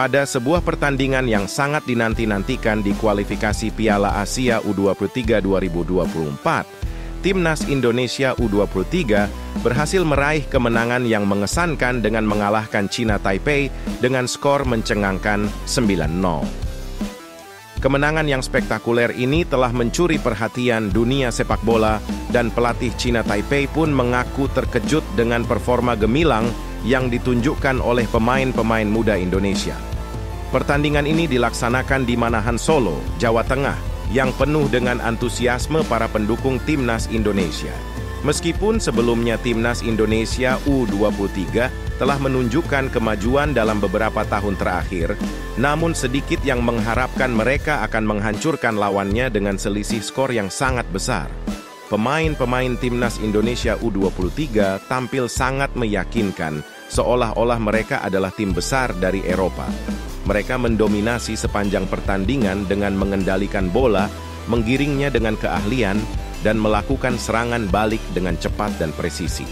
pada sebuah pertandingan yang sangat dinanti-nantikan di kualifikasi Piala Asia U23 2024. Timnas Indonesia U23 berhasil meraih kemenangan yang mengesankan dengan mengalahkan Cina Taipei dengan skor mencengangkan 9-0. Kemenangan yang spektakuler ini telah mencuri perhatian dunia sepak bola dan pelatih Cina Taipei pun mengaku terkejut dengan performa gemilang yang ditunjukkan oleh pemain-pemain muda Indonesia. Pertandingan ini dilaksanakan di Manahan Solo, Jawa Tengah, yang penuh dengan antusiasme para pendukung timnas Indonesia. Meskipun sebelumnya timnas Indonesia U23 telah menunjukkan kemajuan dalam beberapa tahun terakhir, namun sedikit yang mengharapkan mereka akan menghancurkan lawannya dengan selisih skor yang sangat besar. Pemain-pemain timnas Indonesia U23 tampil sangat meyakinkan, seolah-olah mereka adalah tim besar dari Eropa. Mereka mendominasi sepanjang pertandingan dengan mengendalikan bola, menggiringnya dengan keahlian, dan melakukan serangan balik dengan cepat dan presisi.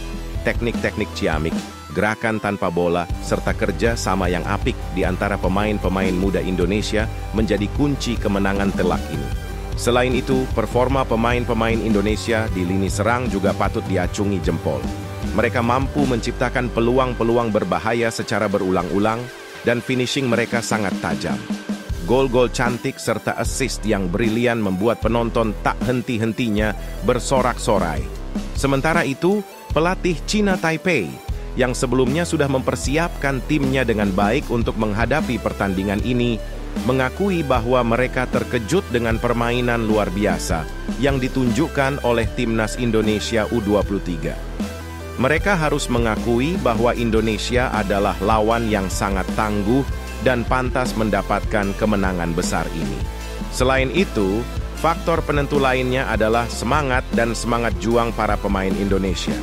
Teknik-teknik ciamik, gerakan tanpa bola, serta kerja sama yang apik di antara pemain-pemain muda Indonesia menjadi kunci kemenangan telak ini. Selain itu, performa pemain-pemain Indonesia di lini serang juga patut diacungi jempol. Mereka mampu menciptakan peluang-peluang berbahaya secara berulang-ulang, dan finishing mereka sangat tajam. Gol-gol cantik serta assist yang brilian membuat penonton tak henti-hentinya bersorak-sorai. Sementara itu, pelatih Cina Taipei yang sebelumnya sudah mempersiapkan timnya dengan baik untuk menghadapi pertandingan ini mengakui bahwa mereka terkejut dengan permainan luar biasa yang ditunjukkan oleh timnas Indonesia U23. Mereka harus mengakui bahwa Indonesia adalah lawan yang sangat tangguh dan pantas mendapatkan kemenangan besar ini. Selain itu, faktor penentu lainnya adalah semangat dan semangat juang para pemain Indonesia.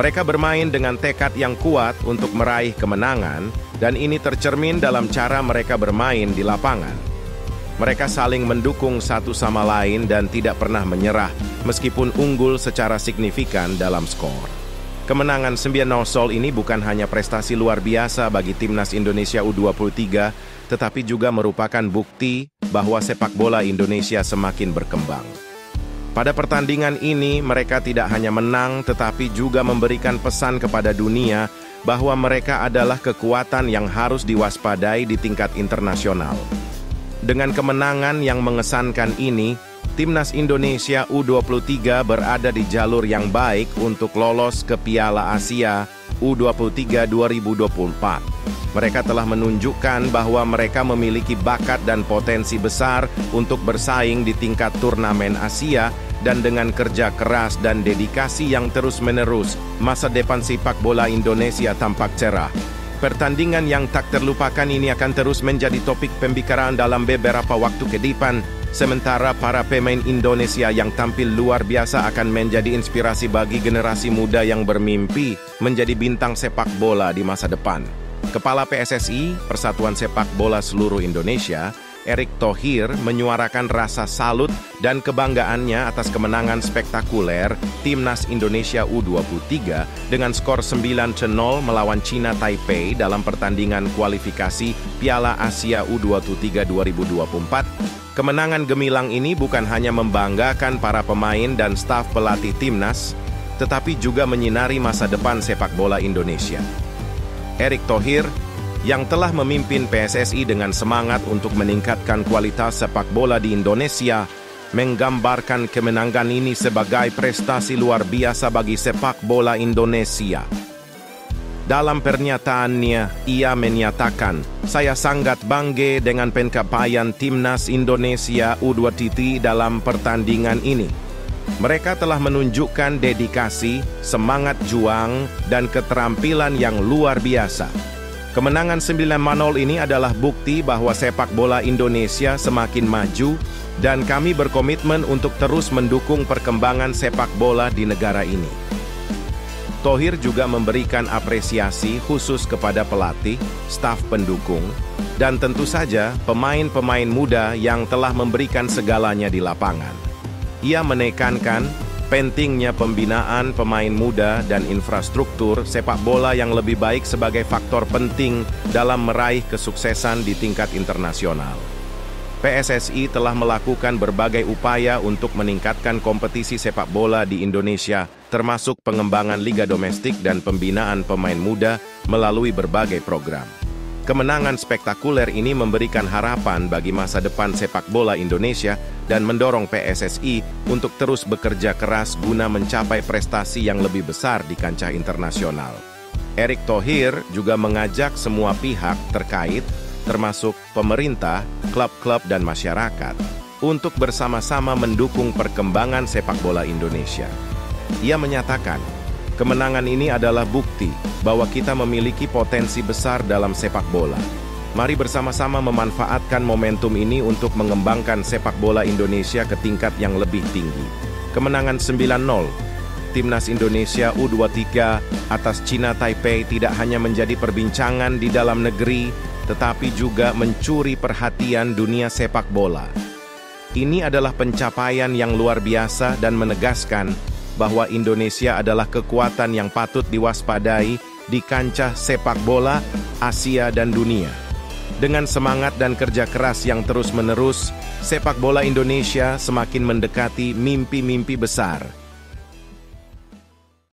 Mereka bermain dengan tekad yang kuat untuk meraih kemenangan, dan ini tercermin dalam cara mereka bermain di lapangan. Mereka saling mendukung satu sama lain dan tidak pernah menyerah, meskipun unggul secara signifikan dalam skor. Kemenangan 9-0 Seoul ini bukan hanya prestasi luar biasa bagi timnas Indonesia U23, tetapi juga merupakan bukti bahwa sepak bola Indonesia semakin berkembang. Pada pertandingan ini, mereka tidak hanya menang, tetapi juga memberikan pesan kepada dunia bahwa mereka adalah kekuatan yang harus diwaspadai di tingkat internasional. Dengan kemenangan yang mengesankan ini, Timnas Indonesia U23 berada di jalur yang baik untuk lolos ke Piala Asia U23 2024. Mereka telah menunjukkan bahwa mereka memiliki bakat dan potensi besar untuk bersaing di tingkat turnamen Asia dan dengan kerja keras dan dedikasi yang terus-menerus, masa depan sepak bola Indonesia tampak cerah. Pertandingan yang tak terlupakan ini akan terus menjadi topik pembicaraan dalam beberapa waktu ke depan, Sementara para pemain Indonesia yang tampil luar biasa akan menjadi inspirasi bagi generasi muda yang bermimpi menjadi bintang sepak bola di masa depan. Kepala PSSI, Persatuan Sepak Bola Seluruh Indonesia, Erick Thohir menyuarakan rasa salut dan kebanggaannya atas kemenangan spektakuler Timnas Indonesia U23 dengan skor 9-0 melawan China Taipei dalam pertandingan kualifikasi Piala Asia U23 2024 Kemenangan gemilang ini bukan hanya membanggakan para pemain dan staf pelatih timnas, tetapi juga menyinari masa depan sepak bola Indonesia. Erick Thohir yang telah memimpin PSSI dengan semangat untuk meningkatkan kualitas sepak bola di Indonesia, menggambarkan kemenangan ini sebagai prestasi luar biasa bagi sepak bola Indonesia. Dalam pernyataannya, ia menyatakan, saya sangat bangga dengan pencapaian timnas Indonesia U23 dalam pertandingan ini. Mereka telah menunjukkan dedikasi, semangat juang, dan keterampilan yang luar biasa. Kemenangan 9-0 ini adalah bukti bahwa sepak bola Indonesia semakin maju dan kami berkomitmen untuk terus mendukung perkembangan sepak bola di negara ini. Tohir juga memberikan apresiasi khusus kepada pelatih, staf pendukung, dan tentu saja pemain-pemain muda yang telah memberikan segalanya di lapangan. Ia menekankan pentingnya pembinaan pemain muda dan infrastruktur sepak bola yang lebih baik sebagai faktor penting dalam meraih kesuksesan di tingkat internasional. PSSI telah melakukan berbagai upaya untuk meningkatkan kompetisi sepak bola di Indonesia, termasuk pengembangan liga domestik dan pembinaan pemain muda melalui berbagai program. Kemenangan spektakuler ini memberikan harapan bagi masa depan sepak bola Indonesia dan mendorong PSSI untuk terus bekerja keras guna mencapai prestasi yang lebih besar di kancah internasional. Erick Thohir juga mengajak semua pihak terkait, termasuk pemerintah, klub-klub, dan masyarakat, untuk bersama-sama mendukung perkembangan sepak bola Indonesia. Ia menyatakan, Kemenangan ini adalah bukti bahwa kita memiliki potensi besar dalam sepak bola. Mari bersama-sama memanfaatkan momentum ini untuk mengembangkan sepak bola Indonesia ke tingkat yang lebih tinggi. Kemenangan 9-0 Timnas Indonesia U23 atas Cina Taipei tidak hanya menjadi perbincangan di dalam negeri, tetapi juga mencuri perhatian dunia sepak bola. Ini adalah pencapaian yang luar biasa dan menegaskan bahwa Indonesia adalah kekuatan yang patut diwaspadai di kancah sepak bola Asia dan dunia. Dengan semangat dan kerja keras yang terus-menerus, sepak bola Indonesia semakin mendekati mimpi-mimpi besar.